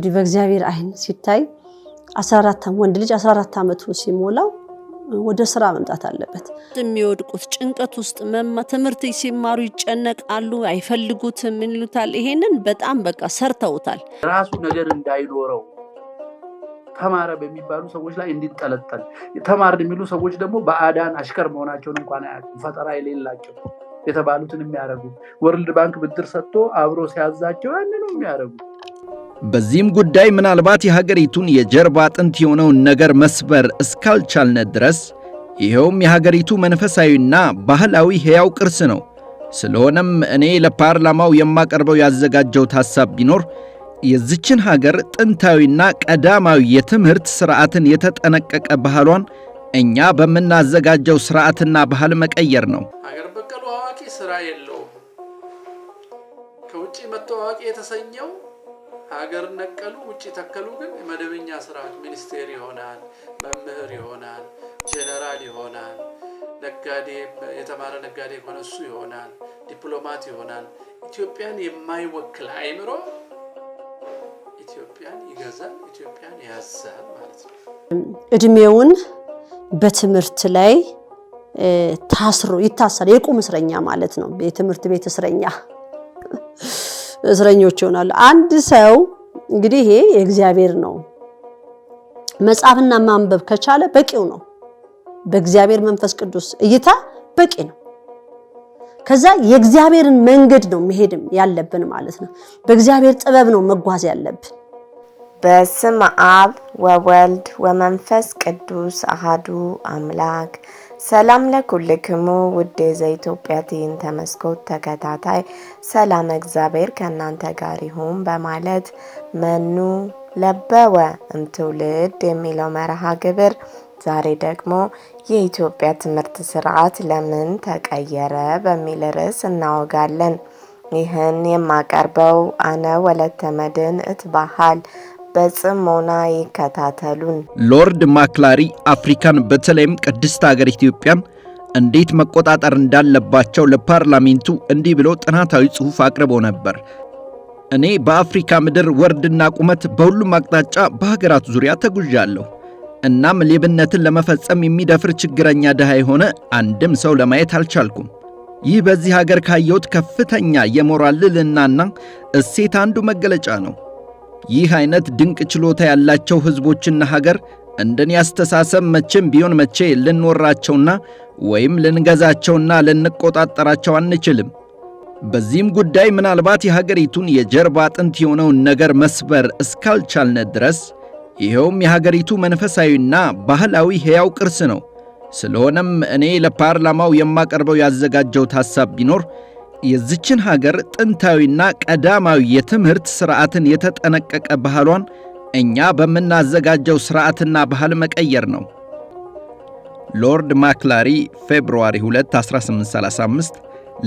እንግዲህ በእግዚአብሔር አይን ሲታይ ወንድ ልጅ 14 ዓመቱ ሲሞላው ወደ ስራ መምጣት አለበት። የሚወድቁት ጭንቀት ውስጥ ትምህርት ሲማሩ ይጨነቃሉ፣ አይፈልጉትም፣ ምን ይሉታል። ይሄንን በጣም በቃ ሰርተውታል። ራሱ ነገር እንዳይኖረው ተማረ በሚባሉ ሰዎች ላይ እንዲጠለጠል ተማር የሚሉ ሰዎች ደግሞ በአዳን አሽከር መሆናቸውን እንኳን አያውቁም። ፈጠራ የሌላቸው የተባሉትን የሚያደርጉ ወርልድ ባንክ ብድር ሰጥቶ አብሮ ሲያዛቸው ያንኑ የሚያደርጉ በዚህም ጉዳይ ምናልባት የሀገሪቱን የጀርባ አጥንት የሆነውን ነገር መስበር እስካልቻልነ ድረስ ይኸውም የሀገሪቱ መንፈሳዊና ባህላዊ ሕያው ቅርስ ነው። ስለሆነም እኔ ለፓርላማው የማቀርበው ያዘጋጀውት ሐሳብ ቢኖር የዚችን ሀገር ጥንታዊና ቀዳማዊ የትምህርት ሥርዓትን የተጠነቀቀ ባህሏን እኛ በምናዘጋጀው ሥርዓትና ባህል መቀየር ነው። ሀገር በቀሉ አዋቂ ሥራ የለውም። ከውጭ አዋቂ የተሰኘው ሀገር ነቀሉ ውጭ ተከሉ ግን መደበኛ ስራ ሚኒስቴር ይሆናል፣ መምህር ይሆናል፣ ጄኔራል ይሆናል፣ ነጋዴ የተማረ ነጋዴ ከሆነ እሱ ይሆናል፣ ዲፕሎማት ይሆናል። ኢትዮጵያን የማይወክል አይምሮ ኢትዮጵያን ይገዛል፣ ኢትዮጵያን ያዛል ማለት ነው። እድሜውን በትምህርት ላይ ታስሮ ይታሰራል። የቁም እስረኛ ማለት ነው። የትምህርት ቤት እስረኛ እስረኞች ይሆናሉ። አንድ ሰው እንግዲህ ይሄ የእግዚአብሔር ነው። መጻፍና ማንበብ ከቻለ በቂው ነው። በእግዚአብሔር መንፈስ ቅዱስ እይታ በቂ ነው። ከዛ የእግዚአብሔርን መንገድ ነው መሄድም ያለብን ማለት ነው። በእግዚአብሔር ጥበብ ነው መጓዝ ያለብን። በስም አብ ወወልድ ወመንፈስ ቅዱስ አህዱ አምላክ ሰላም ለኩልክሙ ውድ ዘኢትዮጵያ ትዕይንተ መስኮት ተከታታይ ሰላም እግዚአብሔር ከእናንተ ጋር ይሁን በማለት መኑ ለበወ እምትውልድ የሚለው መርሃ ግብር ዛሬ ደግሞ የኢትዮጵያ ትምህርት ስርዓት ለምን ተቀየረ በሚል ርዕስ እናወጋለን። ይህን የማቀርበው አነ ወለተ መድኅን እትባሃል በጽሞና ይከታተሉን። ሎርድ ማክላሪ አፍሪካን በተለይም ቅድስት አገር ኢትዮጵያን እንዴት መቆጣጠር እንዳለባቸው ለፓርላሜንቱ እንዲህ ብሎ ጥናታዊ ጽሑፍ አቅርቦ ነበር። እኔ በአፍሪካ ምድር ወርድና ቁመት በሁሉም አቅጣጫ በሀገራት ዙሪያ ተጉዣለሁ። እናም ሌብነትን ለመፈጸም የሚደፍር ችግረኛ ድሃ የሆነ አንድም ሰው ለማየት አልቻልኩም። ይህ በዚህ ሀገር ካየሁት ከፍተኛ የሞራል ልዕልናና እሴት አንዱ መገለጫ ነው። ይህ አይነት ድንቅ ችሎታ ያላቸው ሕዝቦችና ሀገር እንደኔ አስተሳሰብ መቼም ቢሆን መቼ ልንወራቸውና ወይም ልንገዛቸውና ልንቆጣጠራቸው አንችልም። በዚህም ጉዳይ ምናልባት የሀገሪቱን የጀርባ አጥንት የሆነውን ነገር መስበር እስካልቻልነ ድረስ ይኸውም የሀገሪቱ መንፈሳዊና ባህላዊ ሕያው ቅርስ ነው። ስለሆነም እኔ ለፓርላማው የማቀርበው ያዘጋጀው ሐሳብ ቢኖር የዝችን ሀገር ጥንታዊና ቀዳማዊ የትምህርት ሥርዓትን የተጠነቀቀ ባህሏን እኛ በምናዘጋጀው ሥርዓትና ባህል መቀየር ነው። ሎርድ ማክላሪ ፌብርዋሪ 2 1835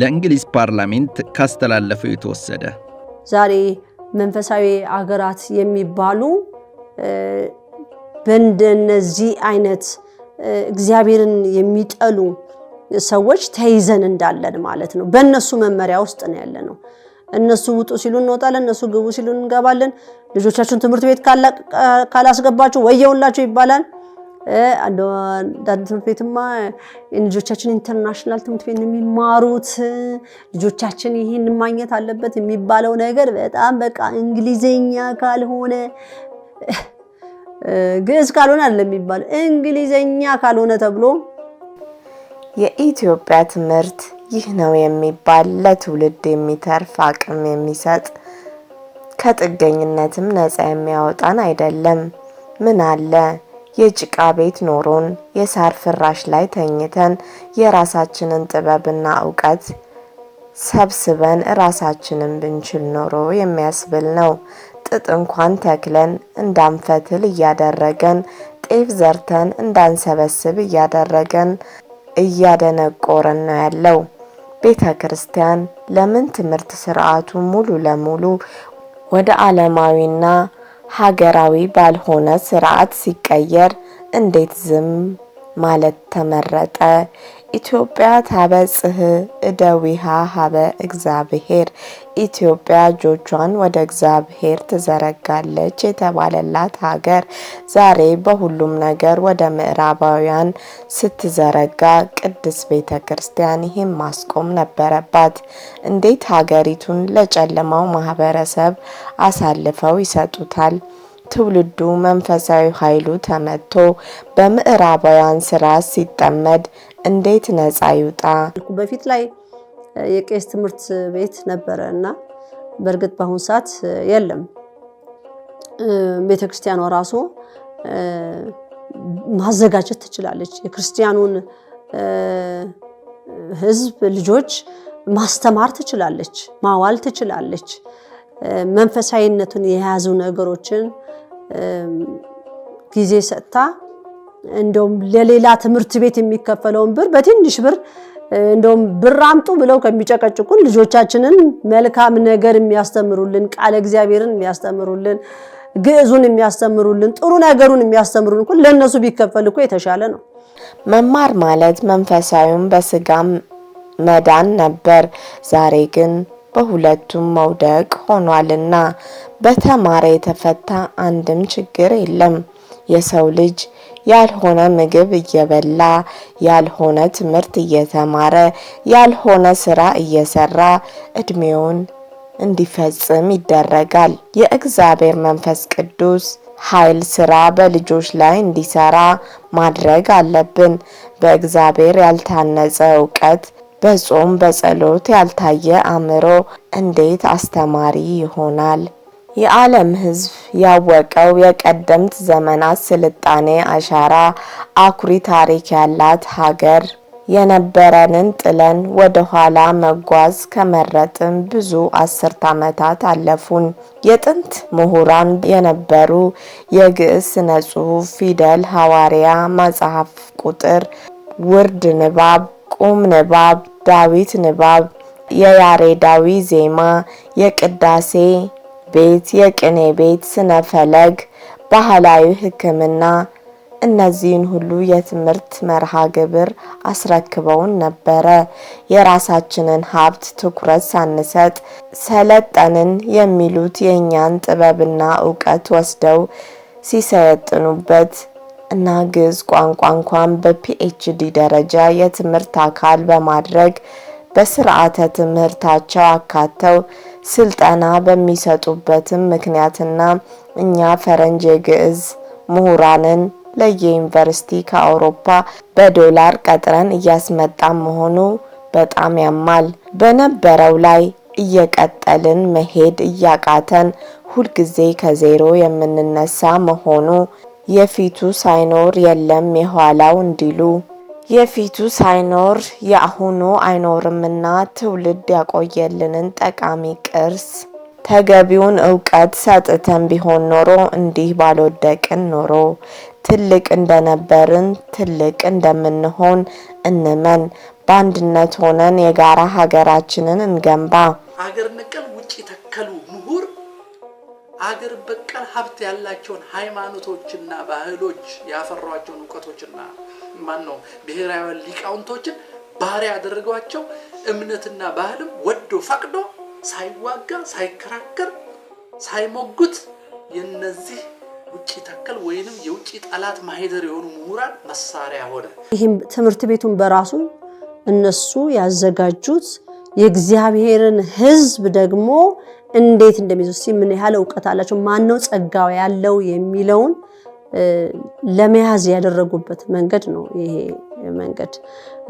ለእንግሊዝ ፓርላሜንት ካስተላለፈው የተወሰደ። ዛሬ መንፈሳዊ አገራት የሚባሉ በእንደነዚህ አይነት እግዚአብሔርን የሚጠሉ ሰዎች ተይዘን እንዳለን ማለት ነው። በእነሱ መመሪያ ውስጥ ነው ያለ ነው። እነሱ ውጡ ሲሉ እንወጣለን፣ እነሱ ግቡ ሲሉ እንገባለን። ልጆቻችን ትምህርት ቤት ካላስገባችሁ ወየውላቸው ይባላል። አንዳንድ ትምህርት ቤትማ ልጆቻችን ኢንተርናሽናል ትምህርት ቤት የሚማሩት ልጆቻችን ይህን ማግኘት አለበት የሚባለው ነገር በጣም በቃ እንግሊዝኛ ካልሆነ ግዕዝ ካልሆነ አለ የሚባለው እንግሊዝኛ ካልሆነ ተብሎ የኢትዮጵያ ትምህርት ይህ ነው የሚባል ለትውልድ የሚተርፍ አቅም የሚሰጥ ከጥገኝነትም ነፃ የሚያወጣን አይደለም። ምን አለ የጭቃ ቤት ኖሮን የሳር ፍራሽ ላይ ተኝተን የራሳችንን ጥበብና እውቀት ሰብስበን ራሳችንን ብንችል ኖሮ የሚያስብል ነው። ጥጥ እንኳን ተክለን እንዳንፈትል እያደረገን፣ ጤፍ ዘርተን እንዳንሰበስብ እያደረገን እያደነቆረን ነው ያለው። ቤተ ክርስቲያን ለምን ትምህርት ስርዓቱ ሙሉ ለሙሉ ወደ ዓለማዊና ሀገራዊ ባልሆነ ስርዓት ሲቀየር እንዴት ዝም ማለት ተመረጠ? ኢትዮጵያ ታበጽህ እደዊሃ ሀበ እግዚአብሔር ኢትዮጵያ እጆቿን ወደ እግዚአብሔር ትዘረጋለች የተባለላት ሀገር ዛሬ በሁሉም ነገር ወደ ምዕራባውያን ስትዘረጋ ቅድስት ቤተ ክርስቲያን ይህም ማስቆም ነበረባት። እንዴት ሀገሪቱን ለጨለማው ማህበረሰብ አሳልፈው ይሰጡታል? ትውልዱ መንፈሳዊ ኃይሉ ተመቶ በምዕራባውያን ስራ ሲጠመድ እንዴት ነፃ ይውጣ? በፊት ላይ የቄስ ትምህርት ቤት ነበረ እና በእርግጥ በአሁኑ ሰዓት የለም። ቤተክርስቲያኗ ራሱ ማዘጋጀት ትችላለች። የክርስቲያኑን ሕዝብ ልጆች ማስተማር ትችላለች፣ ማዋል ትችላለች። መንፈሳዊነቱን የያዙ ነገሮችን ጊዜ ሰጥታ እንደውም ለሌላ ትምህርት ቤት የሚከፈለውን ብር በትንሽ ብር እንደውም ብር አምጡ ብለው ከሚጨቀጭቁን ልጆቻችንን መልካም ነገር የሚያስተምሩልን ቃለ እግዚአብሔርን የሚያስተምሩልን ግዕዙን የሚያስተምሩልን ጥሩ ነገሩን የሚያስተምሩን እኮ ለእነሱ ቢከፈል እኮ የተሻለ ነው። መማር ማለት መንፈሳዊም በስጋም መዳን ነበር። ዛሬ ግን በሁለቱም መውደቅ ሆኗልና በተማረ የተፈታ አንድም ችግር የለም። የሰው ልጅ ያልሆነ ምግብ እየበላ ያልሆነ ትምህርት እየተማረ ያልሆነ ስራ እየሰራ እድሜውን እንዲፈጽም ይደረጋል። የእግዚአብሔር መንፈስ ቅዱስ ኃይል ስራ በልጆች ላይ እንዲሰራ ማድረግ አለብን። በእግዚአብሔር ያልታነጸ እውቀት፣ በጾም በጸሎት ያልታየ አእምሮ እንዴት አስተማሪ ይሆናል? የዓለም ሕዝብ ያወቀው የቀደምት ዘመናት ስልጣኔ አሻራ አኩሪ ታሪክ ያላት ሀገር የነበረንን ጥለን ወደ ኋላ መጓዝ ከመረጥን ብዙ አስርት ዓመታት አለፉን። የጥንት ምሁራን የነበሩ የግዕዝ ስነ ጽሑፍ፣ ፊደል፣ ሐዋርያ፣ መጽሐፍ ቁጥር፣ ውርድ ንባብ፣ ቁም ንባብ፣ ዳዊት ንባብ፣ የያሬዳዊ ዜማ፣ የቅዳሴ ቤት፣ የቅኔ ቤት፣ ስነ ፈለግ፣ ባህላዊ ሕክምና እነዚህን ሁሉ የትምህርት መርሃ ግብር አስረክበውን ነበረ። የራሳችንን ሀብት ትኩረት ሳንሰጥ ሰለጠንን የሚሉት የእኛን ጥበብና እውቀት ወስደው ሲሰለጥኑበት እና ግዕዝ ቋንቋ እንኳን በፒኤችዲ ደረጃ የትምህርት አካል በማድረግ በስርዓተ ትምህርታቸው አካተው ስልጠና በሚሰጡበትም ምክንያትና እኛ ፈረንጅ የግዕዝ ምሁራንን ለየዩኒቨርሲቲ ከአውሮፓ በዶላር ቀጥረን እያስመጣን መሆኑ በጣም ያማል። በነበረው ላይ እየቀጠልን መሄድ እያቃተን ሁልጊዜ ከዜሮ የምንነሳ መሆኑ የፊቱ ሳይኖር የለም የኋላው እንዲሉ የፊቱ ሳይኖር የአሁኑ አይኖርምና ትውልድ ያቆየልንን ጠቃሚ ቅርስ ተገቢውን እውቀት ሰጥተን ቢሆን ኖሮ እንዲህ ባልወደቅን ኖሮ። ትልቅ እንደነበርን ትልቅ እንደምንሆን እንመን። በአንድነት ሆነን የጋራ ሀገራችንን እንገንባ። ሀገር ነቀል ውጭ የተከሉ ምሁር አገር በቀል ሀብት ያላቸውን ሃይማኖቶችና ባህሎች ያፈሯቸውን እውቀቶችና ማን ነው ብሔራዊ ሊቃውንቶችን ባህሪ ያደረጓቸው እምነትና ባህልም ወዶ ፈቅዶ ሳይዋጋ ሳይከራከር ሳይሞጉት የነዚህ ውጭ ተከል ወይንም የውጭ ጠላት ማህደር የሆኑ ምሁራን መሳሪያ ሆነ። ይህም ትምህርት ቤቱን በራሱ እነሱ ያዘጋጁት የእግዚአብሔርን ሕዝብ ደግሞ እንዴት እንደሚይዙ ምን ያህል እውቀት አላቸው፣ ማን ነው ጸጋው ያለው የሚለውን ለመያዝ ያደረጉበት መንገድ ነው ይሄ መንገድ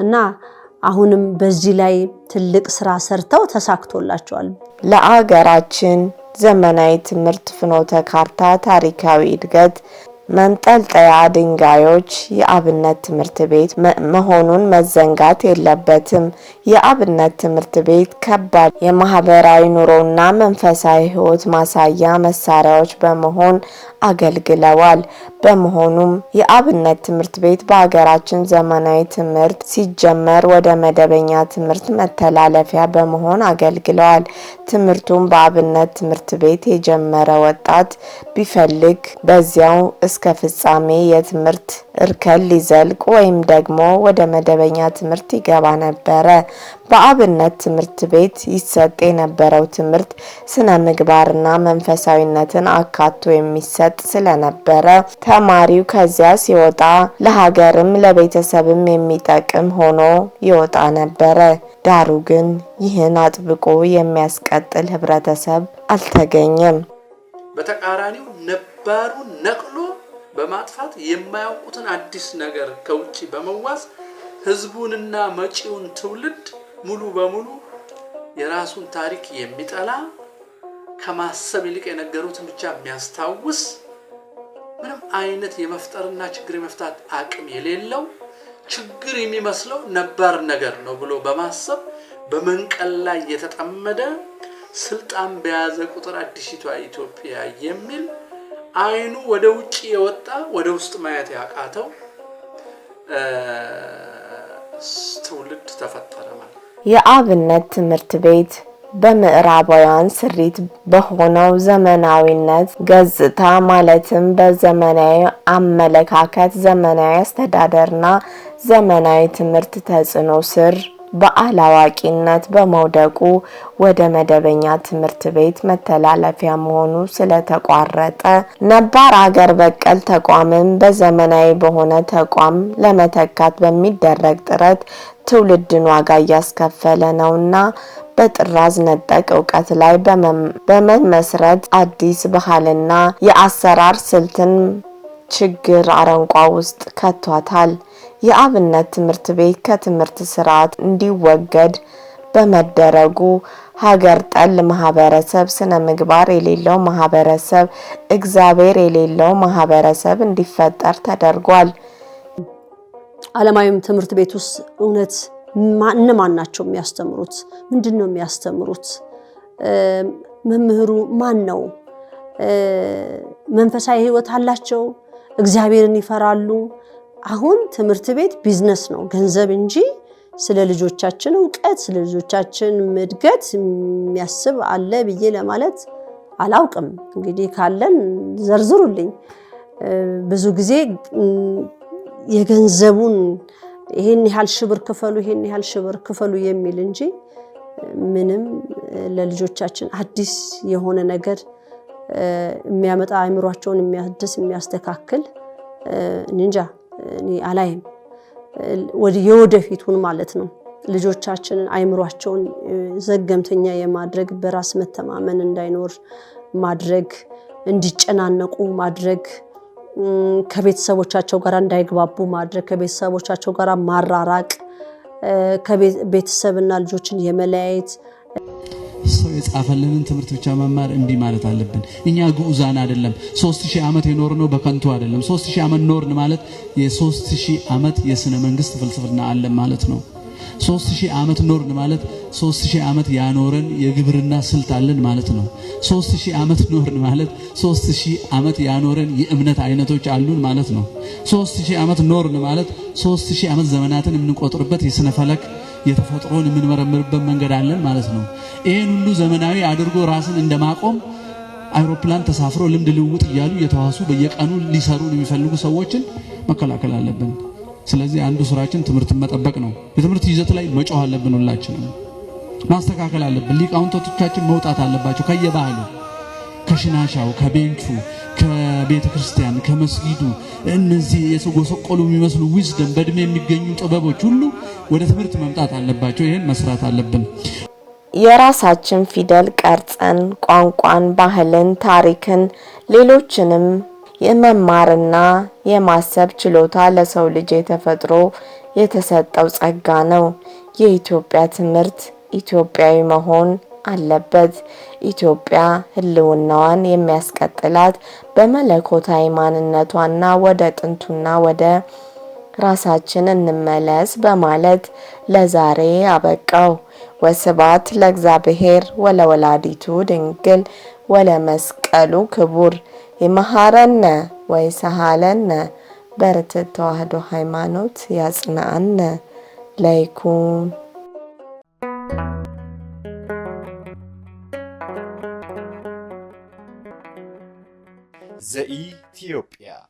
እና አሁንም በዚህ ላይ ትልቅ ስራ ሰርተው ተሳክቶላቸዋል። ለአገራችን ዘመናዊ ትምህርት ፍኖተ ካርታ ታሪካዊ እድገት መንጠልጠያ ድንጋዮች የአብነት ትምህርት ቤት መሆኑን መዘንጋት የለበትም። የአብነት ትምህርት ቤት ከባድ የማህበራዊ ኑሮና መንፈሳዊ ሕይወት ማሳያ መሳሪያዎች በመሆን አገልግለዋል። በመሆኑም የአብነት ትምህርት ቤት በሀገራችን ዘመናዊ ትምህርት ሲጀመር ወደ መደበኛ ትምህርት መተላለፊያ በመሆን አገልግለዋል። ትምህርቱን በአብነት ትምህርት ቤት የጀመረ ወጣት ቢፈልግ በዚያው እስከ ፍጻሜ የትምህርት እርከን ሊዘልቅ ወይም ደግሞ ወደ መደበኛ ትምህርት ይገባ ነበረ። በአብነት ትምህርት ቤት ይሰጥ የነበረው ትምህርት ስነ ምግባርና መንፈሳዊነትን አካቶ የሚሰጥ ስለነበረ ተማሪው ከዚያ ሲወጣ ለሀገርም ለቤተሰብም የሚጠቅም ሆኖ ይወጣ ነበረ። ዳሩ ግን ይህን አጥብቆ የሚያስቀጥል ህብረተሰብ አልተገኘም። በተቃራኒው ነባሩ ነቅሎ በማጥፋት የማያውቁትን አዲስ ነገር ከውጭ በመዋስ ህዝቡንና መጪውን ትውልድ ሙሉ በሙሉ የራሱን ታሪክ የሚጠላ ከማሰብ ይልቅ የነገሩትን ብቻ የሚያስታውስ ምንም አይነት የመፍጠርና ችግር የመፍታት አቅም የሌለው ችግር የሚመስለው ነባር ነገር ነው ብሎ በማሰብ በመንቀል ላይ የተጠመደ ስልጣን በያዘ ቁጥር አዲሲቷ ኢትዮጵያ የሚል አይኑ ወደ ውጭ የወጣ ወደ ውስጥ ማየት ያቃተው ትውልድ ተፈጠረ ማለት የአብነት ትምህርት ቤት በምዕራባውያን ስሪት በሆነው ዘመናዊነት ገጽታ ማለትም በዘመናዊ አመለካከት፣ ዘመናዊ አስተዳደርና ዘመናዊ ትምህርት ተጽዕኖ ስር በአላዋቂነት በመውደቁ ወደ መደበኛ ትምህርት ቤት መተላለፊያ መሆኑ ስለተቋረጠ ነባር አገር በቀል ተቋምን በዘመናዊ በሆነ ተቋም ለመተካት በሚደረግ ጥረት ትውልድን ዋጋ እያስከፈለ ነውና በጥራዝ ነጠቅ እውቀት ላይ በመመስረት አዲስ ባህልና የአሰራር ስልትን ችግር አረንቋ ውስጥ ከቷታል። የአብነት ትምህርት ቤት ከትምህርት ስርዓት እንዲወገድ በመደረጉ ሀገር ጠል ማህበረሰብ፣ ስነ ምግባር የሌለው ማህበረሰብ፣ እግዚአብሔር የሌለው ማህበረሰብ እንዲፈጠር ተደርጓል። ዓለማዊም ትምህርት ቤት ውስጥ እውነት እነማን ናቸው የሚያስተምሩት? ምንድን ነው የሚያስተምሩት? መምህሩ ማን ነው? መንፈሳዊ ህይወት አላቸው? እግዚአብሔርን ይፈራሉ? አሁን ትምህርት ቤት ቢዝነስ ነው፣ ገንዘብ እንጂ ስለ ልጆቻችን እውቀት ስለ ልጆቻችን እድገት የሚያስብ አለ ብዬ ለማለት አላውቅም። እንግዲህ ካለን ዘርዝሩልኝ። ብዙ ጊዜ የገንዘቡን ይሄን ያህል ሽብር ክፈሉ፣ ይሄን ያህል ሽብር ክፈሉ የሚል እንጂ ምንም ለልጆቻችን አዲስ የሆነ ነገር የሚያመጣ አይምሯቸውን የሚያድስ የሚያስተካክል እንጃ እኔ አላይም። የወደፊቱን ማለት ነው። ልጆቻችንን አይምሯቸውን ዘገምተኛ የማድረግ በራስ መተማመን እንዳይኖር ማድረግ፣ እንዲጨናነቁ ማድረግ፣ ከቤተሰቦቻቸው ጋር እንዳይግባቡ ማድረግ፣ ከቤተሰቦቻቸው ጋር ማራራቅ፣ ቤተሰብና ልጆችን የመለያየት ሰው የጻፈልንን ትምህርት ብቻ መማር እንዲህ ማለት አለብን። እኛ ግዑዛን አይደለም። ሶስት ሺህ ዓመት የኖርነው በከንቱ አይደለም። ሶስት ሺህ ዓመት ኖርን ማለት የሶስት ሺህ ዓመት የሥነ መንግሥት ፍልስፍና አለን ማለት ነው። ሶስት ሺህ ዓመት ኖርን ማለት ሶስት ሺህ ዓመት ያኖረን የግብርና ስልት አለን ማለት ነው። ሶስት ሺህ ዓመት ኖርን ማለት ሶስት ሺህ ዓመት ያኖረን የእምነት አይነቶች አሉን ማለት ነው። ሶስት ሺህ ዓመት ኖርን ማለት ሶስት ሺህ ዓመት ዘመናትን የምንቆጥርበት የሥነ ፈለክ የተፈጥሮን የምንመረምርበት መንገድ አለን ማለት ነው። ይህን ሁሉ ዘመናዊ አድርጎ ራስን እንደማቆም አይሮፕላን ተሳፍሮ ልምድ ልውውጥ እያሉ የተዋሱ በየቀኑ ሊሰሩ የሚፈልጉ ሰዎችን መከላከል አለብን። ስለዚህ አንዱ ስራችን ትምህርት መጠበቅ ነው። የትምህርት ይዘት ላይ መጮህ አለብን። ሁላችንም ማስተካከል አለብን። ሊቃውንቶቻችን መውጣት አለባቸው ከየባህሉ ከሽናሻው ከቤንቹ ከቤተ ክርስቲያን ከመስጊዱ እነዚህ የተጎሰቆሉ የሚመስሉ ዊዝደም በእድሜ የሚገኙ ጥበቦች ሁሉ ወደ ትምህርት መምጣት አለባቸው። ይህን መስራት አለብን። የራሳችን ፊደል ቀርጸን ቋንቋን፣ ባህልን፣ ታሪክን ሌሎችንም የመማርና የማሰብ ችሎታ ለሰው ልጅ የተፈጥሮ የተሰጠው ጸጋ ነው። የኢትዮጵያ ትምህርት ኢትዮጵያዊ መሆን አለበት። ኢትዮጵያ ህልውናዋን የሚያስቀጥላት በመለኮታዊ ማንነቷና ወደ ጥንቱና ወደ ራሳችን እንመለስ በማለት ለዛሬ አበቃው። ወስባት ለእግዚአብሔር ወለወላዲቱ ድንግል ወለመስቀሉ ክቡር ይመሃረነ ወይሰሃለነ በርትዕ ተዋህዶ ሃይማኖት ያጽናአነ ለይኩን ዘኢትዮጵያ